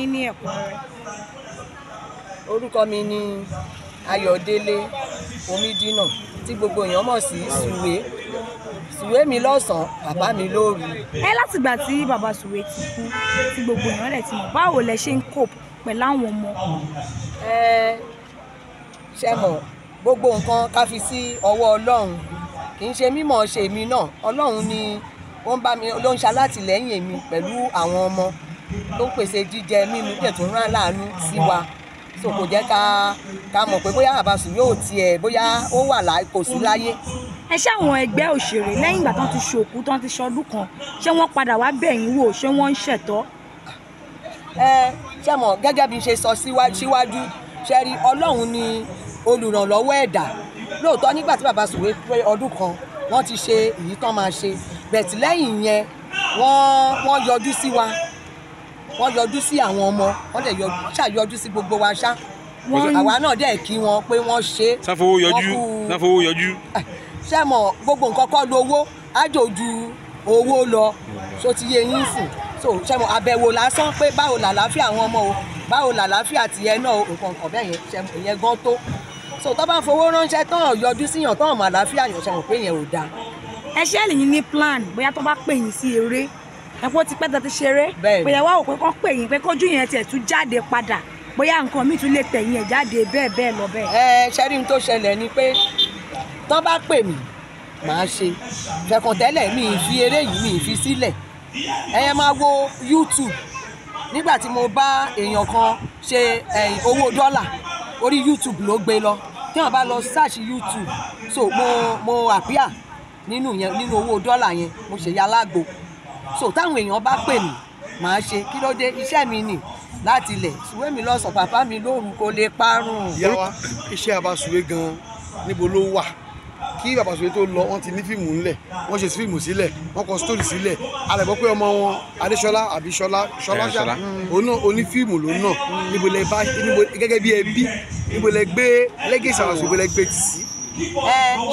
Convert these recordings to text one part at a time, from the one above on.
yín ní ẹ̀kúnrẹ́rẹ́. orúkọ mi ni Ayọ̀délé Omídínà tí gbogbo èèyàn mọ̀ sí Sùwé Sùwé mi lọ́sàn-án bàbá mi lóru. ẹ látìgbà tí bàbá Sùwé ti kú tí gbogbo èèyàn rẹ̀ ti mọ̀ báwo lẹ ṣe ń cope pẹ̀lú àwọn ọmọ. ẹ ṣe mọ̀ gbogbo nǹkan ká fi sí ọwọ́ Ọlọ́run kì í ṣe mímọ̀ ṣe mi náà Ọlọ́run ni ó ń bá mi ló ń ṣe alátìlẹ́yìn mi pẹ̀lú àwọn ọmọ tó pèsè jíjẹ mímu tẹ̀ tó rán láàánú sí wa so kò jẹ́ ká ká mọ̀ pé bóyá Abbas yóò tiẹ̀ bóyá ó wà láì kò sí láyé. ẹ ṣé àwọn ẹgbẹ́ òṣèré lẹ́yìn ìgbà tán ti ṣòkú tán ti ṣọdún kan ṣé wọ́n padà wá bẹ̀yìn wò ṣé wọ́n ń ṣẹ̀tọ́. ẹ ṣé mọ̀ gẹ́gẹ́ bí ṣe sọ síwájú ṣe rí ọlọ́run ni olùrànlọ́wọ́ ẹ̀dá lóòótọ́ nígbà tí bàbá sùwé pé ọdún kan wọ́n ti ṣe èyí tán máa ṣe bẹ̀tì yẹn wọ́n wọ́n yọjú sí wa wọ́n yọjú sí àwọn ọmọ wọ́n dẹ̀ ṣàyọjú sí gbogbo wa ṣá àwa náà dẹ̀ kí wọn pé wọ́n ṣe. sáfowó yọjú sáfowó yọjú. ṣé gbogbo nǹkan kọ́ lówó ájòjú owó lọ so ti yé yín sùn so ṣé àbẹ̀wò lásán pé báwo làlàáfíà àwọn ọmọ o báwo làlàáfíà tìyẹ náà o nǹkan kan bẹ́ẹ̀ yẹn ṣé ìyẹn gan tó so tó bá fowó ránṣẹ́ tán yọjú síyàn tán màlàáfíà yàn ṣé mo pé yẹn ò dáa. ẹ ṣẹ́ẹ̀lì yín ní plan bóyá tó bá pè yín sí eré ẹ̀pọ̀ ti pẹ́ ti ṣeré bóyá wà ó pé pè yín pé kójú yẹn tiẹ̀ tún jáde padà bóyá nǹkan mi tún lè tẹ̀yìn ẹ̀ jáde bẹ́ẹ̀ bẹ́ẹ̀ lọ bẹ́ẹ̀. ẹ ṣẹ́rí tó ṣẹlẹ̀ ni pé tán bá pè mí màá ṣe fẹ̀kọ̀tẹ́lẹ̀ mi fi eré yìí mi fi sílẹ̀ ẹ̀yẹ máa wo YouTube nígbà tí mo bá èèyàn kan ṣe owó dọ́là orí YouTube ló gbé lọ tí wọ́n bá lọ search YouTube so mo mo àpíà nínú owó dọ́là yẹn mo ṣèyí alágbo so táwọn èèyàn bá pè mí màá ṣe kí ló dé iṣẹ́ mi nì láti ilẹ̀ sùwé mi lọ sọ bàbá mi lóru kó lè parun. ìyá iṣẹ́ abasùwé gan-an níbo ló wà kí bàbá sòwé tó lọ wọn ti ní fíìmù ńlẹ̀ wọn ṣe fíìmù sílẹ̀ wọn kọ sítórì sílẹ̀ alẹgbọ pé ọmọ wọn adéṣọlá àbí ṣọlá ṣọlá ṣá oní oní fíìmù ló náà níbo lẹ bá níbo gẹ́gẹ́ bí ẹbí níbo lẹ gbé lẹgẹsì àwọn sòwé lẹ gbé sí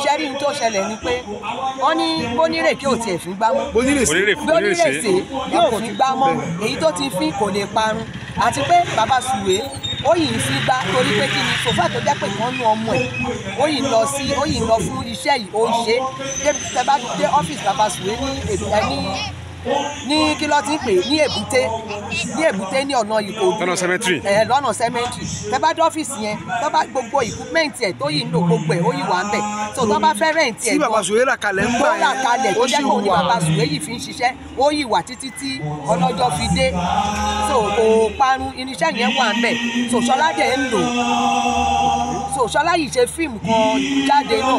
ṣẹ́rí tó ṣẹlẹ̀ ni pé wọ́n ní bónírèké ò tiẹ̀ fi gbá mọ́ bónírèsè yóò fi gbá mọ́ èyí tó ti fi kò lè parun àti pé bàbá sùwé ó yìí ń fi gbá torí pé kí ni sòfà tó jẹ́ pé kan nu ọmọ ẹ̀ ó yìí lọ sí ó yìí lọ fún iṣẹ́ yìí ó ń ṣe é débi tẹ́ bá dé ọ́fíìsì bàbá sùwé ní èdè ní ní kí ló ti ń pè ní èbúté ní èbúté ní ọ̀nà ìkòdú lọ́nà cemetery ẹ̀ lọ́nà cemetery tẹ bá dọ́fíìsì yẹn tọ́ bá gbogbo equipment ẹ̀ tó yìí ń lò gbogbo ẹ̀ ó yìí wà ń bẹ̀ tó tọ́ bá fẹ́ rẹ̀ǹtì ẹ̀ gan tí bàbá sùwé rà kalẹ̀ ń bá yẹn ó sì wà ó ní bàbá sùwé yìí fi ń ṣiṣẹ́ ó yìí wà títí tí ọlọ́jọ́ fi dé so kò parun irinṣẹ́ yẹn wà ń bẹ̀ so Ṣọlá so ṣọlá yìí ṣe fíìmù kan jáde náà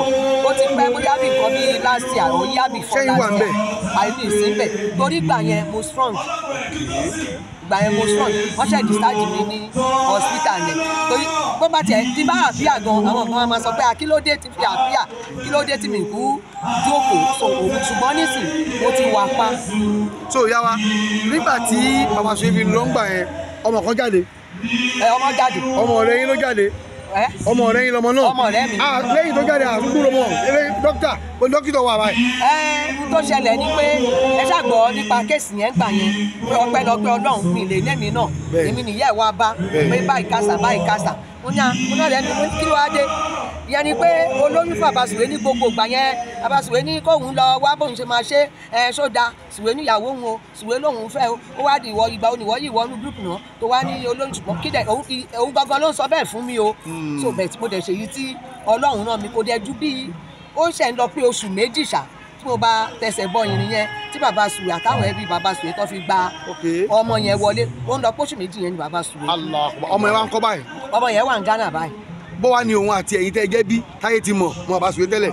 ó ti pẹ́ bóyá bí nǹkan bíi last year ó yá bí fọ́ last year àìní ìsínbẹ̀ torí gbà yẹn mo strong gbà yẹn mo strong wọ́n ṣe discharge mi ní hospital yẹn torí bó bá tiẹ̀ ti bá àfíà gan àwọn kan máa sọ pé àkílódé ti fi àfíà kílódé ti mi kú jókòó so òun ṣùgbọ́n nísìn mo ti wà pa. so ìyá wa nígbà tí bàbá ṣe fi lọ́ngbà yẹn ọmọ kan jáde. ẹ ọmọ jáde. ọmọ rẹ yín ló jáde. Eh? ọmọ rẹ yín lọmọ náà ọmọ rẹ mi. Ah, lẹ́yìn tó jáde àdúgbò lọmọ eré eh, dókítà pé dókítà wà báyìí. ẹ eh, tó ṣẹlẹ̀ ni pé ẹ ṣàgbọ́ nípa kéèsì yẹn gbà yẹn pé ọpẹ́lọpẹ́ ọlọ́run mi lè lẹ́mìí náà èmi nìyẹn wá bá pé báyìí kásà báyìí kásà mo ní à mo náà lẹ́nu mo ní kí ló wá dé ìyẹn ni pé olórí fún àbàsùwé ní gbogbo ìgbà yẹn àbàsùwé ní kóun lọ wá bóun ṣe máa ṣe ẹ sódà sùwé níyàwó òun o sùwé lòun fẹ́ o ó wá di ìwọ ìgbà oníwọ yìí wọnú gúrúùpù náà tó wá ní olórí ṣùgbọ́n kí dẹ òun gangan ló ń sọ bẹ́ẹ̀ fún mi o hmm. so bẹ́ẹ̀ mo dẹ̀ ṣèyí tí ọlọ́run náà mi kò dẹ̀ ju bí ó ṣẹ̀ ń lọ pé oṣù méjì ṣá tí mo bá tẹsẹ̀ bọ́ irin yẹn tí bàbá sùwé àtàwọn ẹbí bàbá sùwé tó fi gba ọmọ yẹn wọlé ó ń lọ pósù méjì yẹn ni bàbá sùwé. ọmọ ẹ wá ń kọ́ báyìí ọmọ yẹn wà ní Ghana báyìí. bó wàá ní òun àti ẹ̀yin tẹ́ jẹ́ bí táyé ti mọ̀ wọn àbá sùn tẹ́lẹ̀.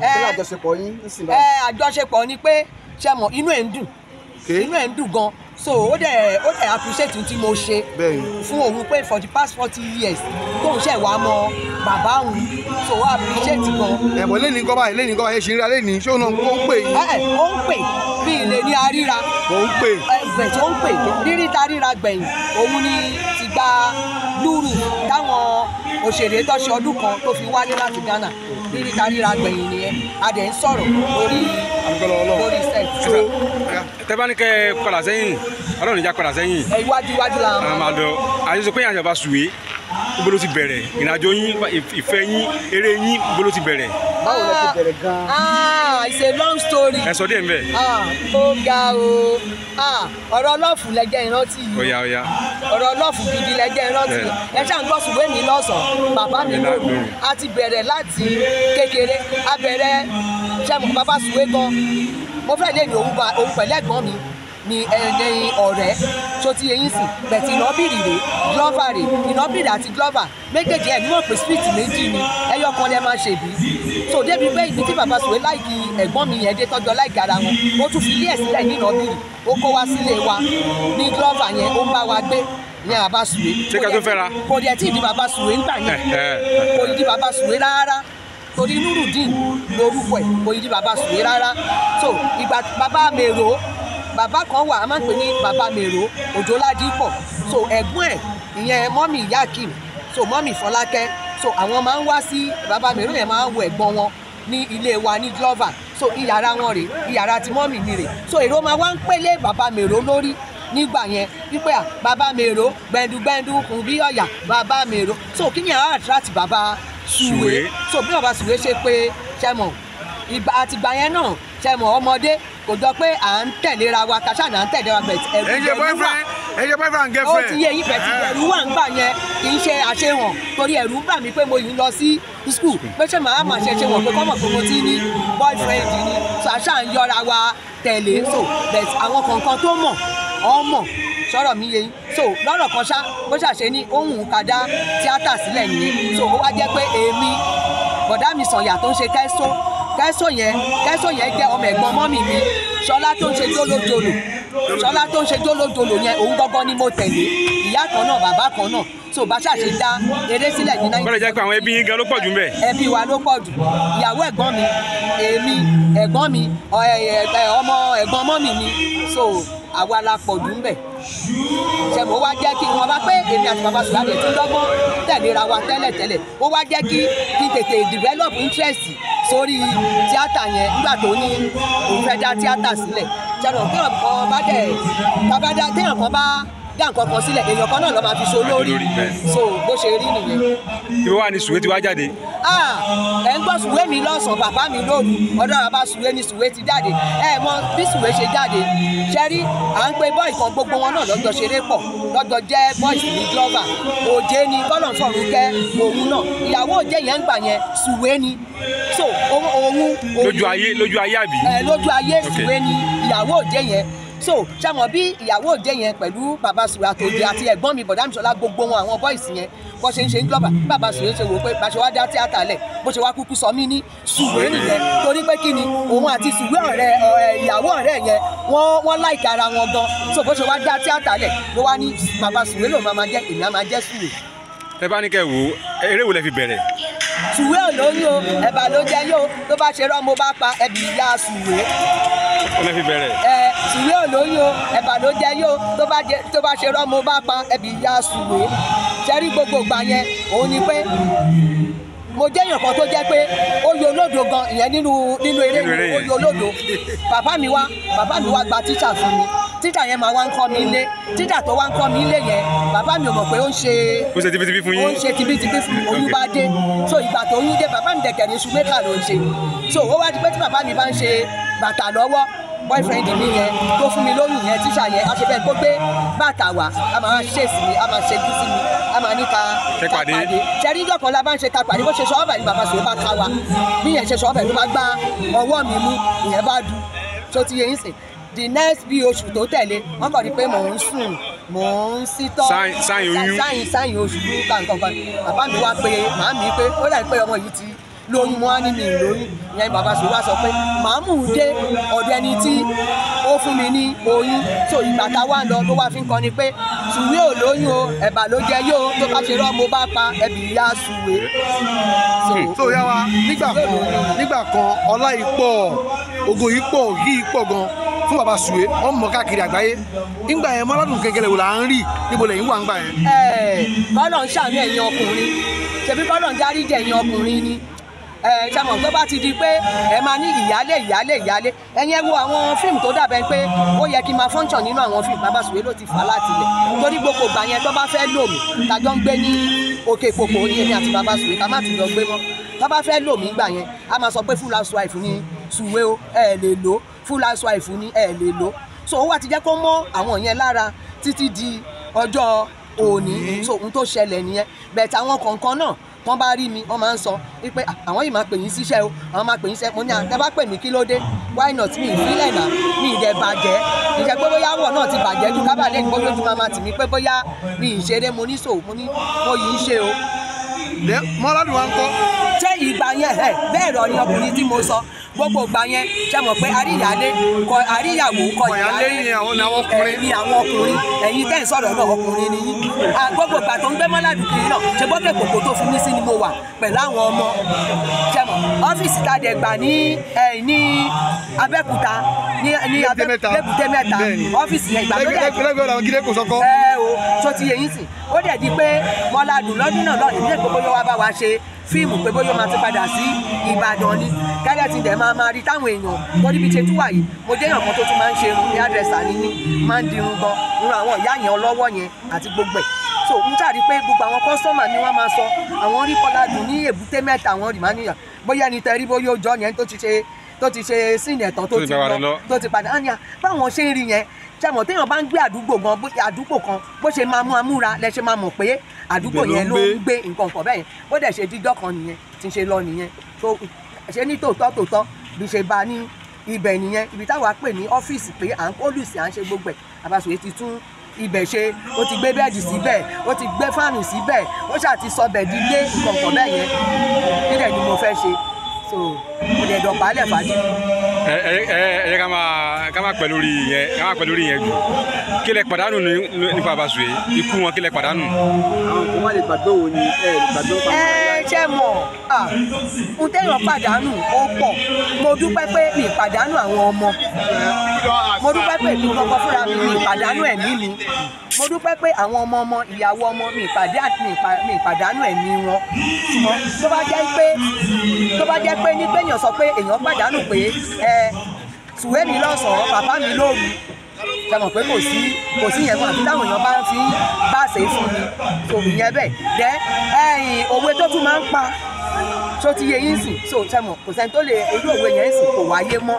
ẹ àjọṣepọ̀ yín ń sìn ẹ àjọṣepọ̀ ni pé ṣe mọ̀ inú ẹ̀ ń dùn inú ẹ̀ ń dùn gan so ó dẹ̀ ó dẹ̀ appreciate tí mo ṣe fún òun pé for the past forty years tóun ṣẹ̀ wá mọ bàbá òun so ó appreciate gan. ẹ̀bùn lẹ́ni nǹkan báyìí lẹ́ni nǹkan báyìí ṣe ríra lẹ́ni ṣé òun ó ń pè ẹ ó ń pè bí ilé ní aríra. ó ń pè. ẹgbẹ̀ tó ń pè rírí ta ríra gbẹ̀yìn òun ni gba lúrù táwọn òṣèré tọ́ṣe ọdún kan tó fi wálé láti Ghana ríríta ríra gbẹ̀yìn nìyẹn a dẹ̀ ń sọ̀rọ̀ lórí lórí sẹ́ẹ̀tì. tẹ padà sẹ́yìn Ọlọ́run níjà padà sẹ́yìn. iwájú iwájú la máa lọ. àyè sọ pé yàrá ìjọba sùwé bolo ti bẹ̀rẹ̀ ìrìnàjò yín ìfẹ́ yín eré yín bolo ti bẹ̀rẹ̀. báwo lẹ ti bẹ̀rẹ̀ gan-an it's a long story. ẹ sọ díẹ̀ nbẹ. Ah, ó ga o ah, ọ̀rọ̀ lọ́ọ̀fù lẹ́jẹ̀ ìrántí yìí. ó yá ó yá. ọ̀rọ̀ lọ́ọ̀fù gidi lẹ́jẹ̀ ìrántí yìí. ẹ ṣáà ń gbọ́ sùwé mi lọ́sàn-án bàbá mi lóru a ti bẹ̀rẹ̀ láti kékeré a bẹ̀rẹ̀ ṣẹ́mu bàbá sùwé gan mo fẹ́ lè ní òun pẹ̀lú ẹ̀gbọ́n mi ni ẹni ọ̀rẹ́ tó ti eyín sìn bẹ̀tì ìnábìrì rè glover rè ìnábìrì àti glover méjèèjì ẹ̀ níwọ̀n pé spirit méjì ni ẹyọ kan lẹ máa ṣèbí tó débi pé ibi tí bàbá sòwé láìkí ẹ̀gbọ́n mi yẹn dé tọ́jọ́ láìkí ara wọn ó tún fi ilé ẹ̀ sílẹ̀ ní ìnábìrì ó kó wa sílé wa ní glover yẹn ó ń bá wa gbé ní bàbá sùwé. ṣé ká tó fẹ́ ra. kò dẹ̀ tí ì di bàbá sùwé ńgbà yẹn kò ì di bàbá sùwé rárá torí nurudeen lorúkọ ẹ̀ kò ì di bàbá sùwé rárá so ìgbà bàbá mèrò bàbá kan wà á máa ń pè ní bàbá mèrò òjòládìpọ̀ so ẹ̀gbọ́n ẹ̀ ìyẹn mọ́mì yakim so mọ́mì fọlákẹ́ so àwọn máa ń wá sí bàbá mèrò yẹn máa ń wo ẹ̀gbọ́n wọn ní ilé wa ní glover so iyàrá wọn rè iyàrá tí mọ́mì mi rè so èrò máa wá ń pélé bàbá mèrò lórí nígbà yẹn wípé bàbá mèrò gbẹndugbẹndu kùn bí ọ̀yà bàbá mèrò so kí ni àwọn àtúrà ti bàbá sùwé so bí bàbá sùwé ṣe pé ṣẹmọ ìgbà àtìgbà yẹn náà ṣe mọ̀ ọmọdé kò jọ pé à ń tẹ̀léra wa kàṣà náà ń tẹ̀léra wa bẹ̀tẹ̀ ẹ̀rù ìdẹ̀rù wà ẹ̀yẹ boyfriend girlfriend. ó ti yé yín bẹ̀tẹ̀ eh. ẹ̀rù wà ń gbà yẹn kì í ṣe àṣehàn torí ẹ̀rù bà mí pé mo yìí lọ sí school pé ṣé màá ṣe ṣe wọ̀n pé kọ́mọ̀ pé mo ní boyfriend ni ṣàṣà ń yọra wa tẹ̀lé so bẹ̀t àwọn kọ̀ọ̀kan tó mọ̀ ọmọ sọ̀rọ̀ mi yé so lọ́rọ̀ kan ṣá bó ṣàṣe ní ohun kàdá tíátà sílẹ̀ nìyẹn so ó wá jẹ́ pé èmi bọ̀dá mi sànyà tó ń ṣe kẹ́só kẹ́sọ̀ yẹn kẹ́sọ̀ yẹn jẹ́ ọmọ ẹ̀gbọ́n mọ́mì mi ṣọlá tó ń ṣe jólójolò ṣọlá tó ń ṣe jólójolò yẹn òun gbọ́gbọ́ ni mo tẹ̀lé ìyá kan náà bàbá kan náà so bá ṣàṣe dá eré sílẹ̀ ní náírà. bọ́lá jẹ́ pé àwọn ẹbí yín gan ló pọ̀ jù ń ẹbí wa ló pọ̀ jù ìyàwó ẹ̀gbọ́n mi èmi ẹ̀gbọ́n mi ọmọ ẹ̀gbọ́n ọmọ mi ni so àwa la pọ̀ jù ń bẹ̀. ṣẹ̀mọ́ wá jẹ́ kí wọ́n bá pé èmi àti bàbá sùn láti tún lọ́gbọ́n tẹ̀léra wa tẹ́lẹ̀ tẹ́lẹ̀ ó wá jẹ́ kí kí tètè develop interest sórí tíátà yẹn nígbà tó ní òun fẹ́ dá tíátà sílẹ̀ ṣẹ̀mọ́ kí ọ̀kan bá dá nǹkan kan sílẹ̀ èèyàn kan náà ló máa fi so lórí so bó ṣe rí nìyẹn. ibo wà ní sùwé ti wá jáde. Ah, ẹ ń gbọ́ sùwé mi lọ́sàn-án bàbá mi lóru ọ̀dọ́ bàbá sùwé ni sùwé ti jáde ẹ mọ bí sùwé ṣe jáde ṣe rí à ń pe bọ́ọ̀ì kan gbogbo wọn náà lọ́jọ́ ṣeré pọ̀ lọ́jọ́ jẹ́ bọ́ọ̀ì ní glọ́bà òjé ni kọ́lọ̀n fọ̀rùn kẹ́ òun náà ìyàwó òjé yẹn ń gbà yẹn sùwé ni so òun. lójú ayé lójú ayé àbí. lójú ayé sùwé ni ìyàwó òjé yẹn so ṣàmọ̀ bí ìyàwó òde yẹn pẹ̀lú bàbá sùwé àtòdè àti ẹ̀gbọ́n mi bọ̀dá mi ṣọlá gbogbo wọn àwọn bọ́ìsì yẹn bó ṣe ń ṣe ń glọ́bà bàbá sùwé ṣe wò pé bá ṣe wá dá tíátà lẹ̀ bó ṣe wá kúkú sọ mí ní sùwé nìyẹn torí pé kí ni òun àti sùwé ọ̀rẹ́ ìyàwó ọ̀rẹ́ yẹn wọ́n láìka ara wọn gan so bó ṣe wá dá tíátà lẹ̀ ló wá ní bàbá sùwé lòun máa máa jẹ́ èmi á máa jẹ́ sùwé. ẹ bá ní kẹ wò eré wo lẹ fi bẹ̀rẹ̀ sùwé olórí o ẹ̀bà ló jẹ yóò tó bá ṣe rán mo bá pa ẹbí ìyá sùwé. ó lè fi bẹ̀rẹ̀. ẹ sùwé olóyún o ẹ̀bà ló jẹ yóò tó bá jẹ tó bá ṣe rọ́mọ bá pa ẹ̀bì ya sùwé ṣẹ́rí gbogbo ìgbà yẹn òun ni pé mo jẹ́yàn kan tó jẹ́ pé ó yọ olódo gan ìyẹn nínú nínú eré mi ó yọ olódo bàbá mi wá bàbá mi wá gba tíṣà fún mi tíṣà yẹn máa wá ń kọ́ mi ilé tíṣà tó wá ń kọ́ mi ilé yẹn bàbá mi ò mọ̀ pé ó ń ṣe ó ń ṣe tibitibi fún yín ó ń ṣe tibitibi fún oyún bá dé so ìgbà tó oyún dé bàbá mi dẹ̀kẹ̀ ní ṣùgbẹ́kà ló ń ṣe so ó wá di pé tí bàbá mi bá ń ṣe bàtà lọ́wọ́ boyfriend mi yẹn tó fún mi lóyún yẹn tíṣà yẹn a ṣe bẹ́ẹ̀ gbọ́ pé bàtà wà a máa ṣe sí mi a máa ṣe dí sí mi a máa ní ká pàdé ṣẹ́rí ìjọ kan la bá ń ṣe ká pàdé bó ṣe sọ ọ́bẹ̀ ni bàbá sòwò bá ká wa bí yẹn ṣe sọ ọ́bẹ̀ ló bá gbá ọwọ́ mi mú ìyẹn bá du tó ti yẹ yín sìn the next bí oṣù tó tẹ̀lé wọ́n kàn ní pé mò ń sùn mò ń sítọ́ sáyìn oṣù kankan kan bàbá mi wá pé màá mi pé ó dàbí pé ọmọ ló ń mú ánìmì lóyún ìyẹn bàbá sùúrù wá sọ pé màámù dé ọ̀dọ̀ ẹni tí ó fún mi ní oyún tó ìgbà tá a wá lọ tó wá fi ń kọ ni pé sùwé ò lóyún o ẹ̀bà ló jẹ yóò tó bá ṣe rọ́ bá pa ẹbí ìyá sùwé. tó yá hmm. wa nígbà kan nígbà kan ọlá yìí pọ̀ ògo yìí pọ̀ yìí pọ̀ gan fún baba sùwé wọn mọ káàkiri àgbáyé ńgbà yẹn mọ́ládùn kẹ̀kẹ́ lẹ́wọ̀ là ń rí níbo lẹ́yìn wà ń yẹn. ẹ bọ́lọ̀ ń ṣàánú ẹ̀yin ọkùnrin ṣebí bọ́lọ̀ ń dárí jẹ̀yìn ọkùnrin ni ẹ ṣàmọ̀ tó bá ti di pé ẹ máa ní ìyálé ìyálé ìyálé ẹ̀yin wo àwọn fíìmù tó dàbẹ̀ pé ó yẹ kí n máa function nínú àwọn fíìmù Bàbá ló ti fà á láti ilẹ̀ torí gbogbo ìgbà yẹn tó bá fẹ́ lò mí tàjọ ń gbé ní òkè ìpòpò ní àti Bàbá ká má ti lọ gbé mọ́ tó bá fẹ́ lò mí gbà yẹn a máa sọ pé full housewife ni Sùwé o ẹ lè lò full housewife ni ẹ lè lò so ó wà ti jẹ́ kó mọ́ àwọn yẹn lára títí di ọjọ́ òní so ohun tó ṣẹlẹ̀ nìyẹn bẹ̀ẹ̀ tàwọn kọ̀ọ̀kan náà tán bá rí mi wọ́n máa ń sọ wípé ah, àwọn yìí máa pè yín síṣẹ́ o àwọn máa pè yín sẹ́ mo ní àtẹ ah, bá pè mí kí ló dé why not mi ìfilẹ̀ náà mi ìdẹ̀ bàjẹ́ ìjẹ́ pé bóyá wọ̀ náà ti bàjẹ́ ju kábàlẹ́ ìgbó lójú máa tì mí pé bóyá mi ìṣeré mo ní sòwò mo ní mo yìí ṣe o. mọ́ládùn wa ń kọ́. ṣé ìgbà yẹn bẹ́ẹ̀ rọ ni ọkùnrin tí mo sọ gbogbo ìgbà yẹn ṣe mọ̀ pé àríyáde kọ àríyàwó kọjá lẹ́yìn àwọn ọkùnrin ẹ̀yìn àwọn ọkùnrin ẹ̀yìn tẹ́ ń sọ̀rọ̀ náà ọkùnrin ni yín gbogbo ìgbà tó ń gbé mọ́ládùkú yìí náà ṣe gbọ́dọ̀ kòkó tó fún mi sí ni mo wà pẹ̀lú àwọn ọmọ ṣe mọ̀ ọ́fíìsì tàdé gbà ní ní Abẹ́òkúta ní Lẹ́bùté Mẹ́ta ọ́fíìsì yẹn ìgbà tó dẹ̀ ẹ̀ o tó ti yẹ yín sìn ó dẹ̀ di pé mọ́ládùn lọ́dún náà lọ́dún ní èkó bóyá wá bá wa ṣe fíìmù pé bóyá máa ti padà sí Ìbàdàn ni gẹ́gẹ́ ti dẹ̀ máa máa rí táwọn èèyàn wọ́n níbi ṣe tún wà yìí mo jẹ́ èèyàn kan tó tún máa ń ṣe irun ní àdírẹ́sà ni ní máa ń dirun gan irun àwọn ìyá yẹn ọlọ́wọ́ yẹn àti gbogbo ẹ̀ so n tàrí pé gbogbo àwọn kọ́sọ́mà ni wọ́n máa sọ àwọn rí Kọ́lá Dùn ní èbúté mẹ́ta àwọn rì máa níyà bóyá ẹni tẹ́rí bóyá ó jọ yẹn tó ti ṣe tó ti ṣe sínú ẹ̀tọ́ tó ti lọ tó ti padà á ní à báwọn ṣe ń rí yẹn ṣe mọ̀ téèyàn bá ń gbé àdúgbò gan àdúgbò kan bó ṣe máa mú amúra lẹ ṣe máa mọ̀ pé àdúgbò yẹn ló ń gbé nǹkan kan bẹ́ẹ̀ yẹn bó dẹ̀ ṣe díjọ́ kan nìyẹn ti ṣe lọ nìyẹn so ṣe ní tòótọ́ tòótọ́ bí ṣe bá ní ibẹ̀ nìyẹn ibi táwa pè ní ọ́fíìsì pé à ń kólùsì à ń ṣe gbogbo ẹ̀ Àbáṣòye ti tún ibẹ̀ ṣe ó ti gbé bẹ́ẹ̀dì síbẹ̀ ó ti gbé fáànù síbẹ̀ ó ṣáà ti sọ bẹ̀ẹ́dì lé nǹkan kan bẹ́ẹ̀ yẹn nílẹ̀ ni mo fẹ́ ṣe so mo dẹ̀ dọ̀pálẹ̀ fàájì ẹ ẹ ẹ ká máa ká máa pẹ lórí yẹn ká máa pẹ lórí yẹn jù kí lẹ pàdánù nípa Bàsùwé ikú wọn kí lẹ pàdánù. àwọn kò má lè gbàgbọ́ wo ni ẹ lè gbàgbọ́ pàmò ṣe mọ̀ n téèyàn pàdánù ó pọ̀ mo dúpẹ́ pé mi pàdánù àwọn ọmọ mo dúpẹ́ pé mi gbogbo fúnra mi mi pàdánù ẹ̀mí mi mo dúpẹ́ pé àwọn ọmọ ọmọ ìyàwó ọmọ mi pàdánù ẹ̀mí wọn tó bá jẹ́ pé tó bá jẹ́ pé ní pé pé èèyàn pàdánù pé ẹ tùwé mi lọ́sàn bàbá mi lóru ẹ mọ̀ pé kò sí kò sí ìyẹn kan àti táwọn èèyàn bá ń fi bá ṣe é fún mi so ìyẹn bẹ́ẹ̀ dẹ́ ẹ̀yìn òwe tó tún máa ń pa tó ti yẹ yín sìn so ṣe mọ̀ kò sẹ́ni tó lè ojú òwe yẹn sìn kò wáyé mọ́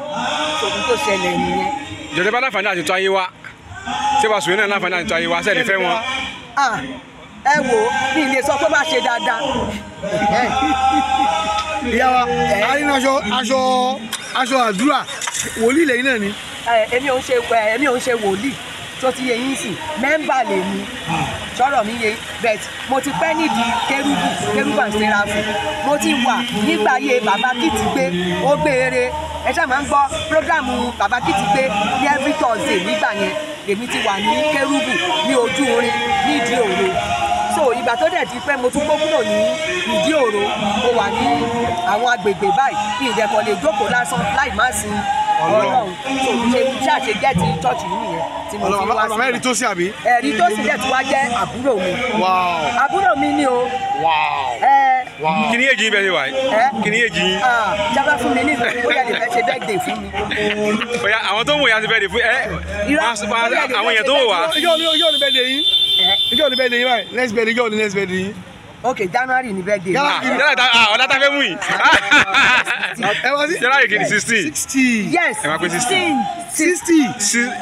tòun tó ṣẹlẹ̀ nìyẹn. ìjọba bá láǹfààní àti tó ayé wa ṣé wàá sùn náà láǹfààní àti tó ayé wa ṣe fẹ́ wọn. ẹ wo mi lè sọ pé bá ṣe dáadáa. ìyá wa aṣọ aṣọ aṣọ àdúrà wòlíì lẹ́yìn náà ni èmi ò ń ṣe èmi ò ń ṣe wòlíì tó ti yẹ yín sìn mẹ́ńbà lèmi sọ̀rọ̀ mi yẹ bẹ́ẹ̀ mo ti pẹ́ nídìí kérúbù kérúbù and séráfù mo ti wà nígbà ayé bàbá Kìtìgbé ó gbére ẹ ṣáà máa ń gbọ́ prógrámù bàbá Kìtìgbé ní every Thursday nígbà yẹn lèmi ti wà ní kérúbù ní ojú orin nídìí òru so ìgbà tó dẹ̀ ti pẹ́ mo tún kó kúrò ní ìdí òru mo wà ní àwọn agbègbè báyìí ìdẹ̀kọ̀ lè jókòó lásán láì má sin ọlọ́run tó ṣe ṣàṣe gẹ́ẹ̀tì chọ́ọ̀chì yìí nìyẹn tí mo fi wá sí. ọlọ́run tó sì àbí. ẹ̀rí tó sì dẹ̀ tó wá jẹ́ àbúrò mi. àbúrò mi ni o. kí ni èjì bẹ́ẹ̀ ṣe wà yìí. kí ni èjì yìí. jábá fún mi ní ìlú bóyá lè fẹ́ ṣe bẹ́ẹ̀dẹ̀ fún mi. bóyá àwọn tó ń wò yá ti bẹ́ẹ̀dẹ̀ fún ẹ. àwọn èèyàn tó wò wá. ìjọ́ ni bẹ́ẹ̀dẹ̀ yín. ìjọ́ ni bẹ́ẹ̀dẹ̀ yín báyìí ok january ni bẹ́ẹ̀ dé. january ta ọ̀dà ta fẹ́ mú yìí. january kìíní sixteen. sixteen yes ẹ máa pé sixteen. sixty ọ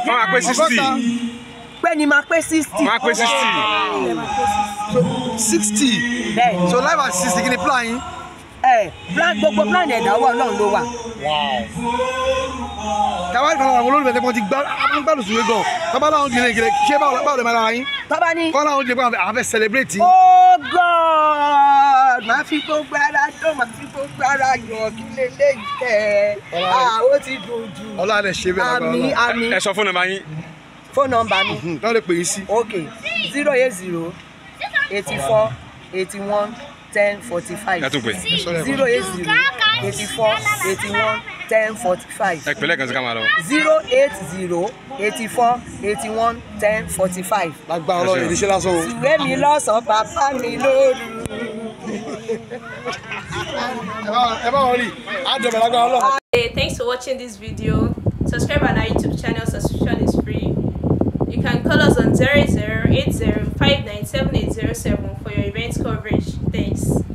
máa Sixteen. sixty. pé ni máa pé sixty. máa pé sixty. sixty so live at sixty kí ni plan yín. Eh, gbogbo plan ẹ̀dá ọlọ́run ló wà. tàbá ìfọ̀nà àwọn olólùfẹ́ tẹ́kọ̀ ti gbá lùsùn wé gan tọ́ba náà ń jìnnà ìkìlẹ̀ ṣé báwo lè máa ra yín. tọ́ba ní. kọ́ náà ń àwọn fẹ́ celebrate. oh god màá fi gbogbo ara tó màá fi gbogbo ara yọ kí lè lè tẹ̀ àwọn ti dùn jù. ọlọ́run ṣe bẹ́ẹ̀ lọ́gbọ̀n ẹ sọ fún nàmbá yín. fóònù nọ́mbà mi. lọ́ọ̀rẹ́ pè é sí. ok zero eight zero eighty four eighty one ten forty five zero eight zero eighty four eighty one ten forty five. ẹ pẹ̀lẹ́ kan sí ká lọ. zero eight zero eighty four eighty one ten forty five. lágbá ọlọ́run ìdíṣẹ́ lásán o. ìwé mi lọ́sàn-án bàbá mi lóru. ẹ bá wọn rí àjọpọ̀ lágbá ọlọ́run. hey thanks for watching this video subscribe on our youtube channel subscription is free you can call us on zero zero eight zero. 7807 for your event coverage. Thanks.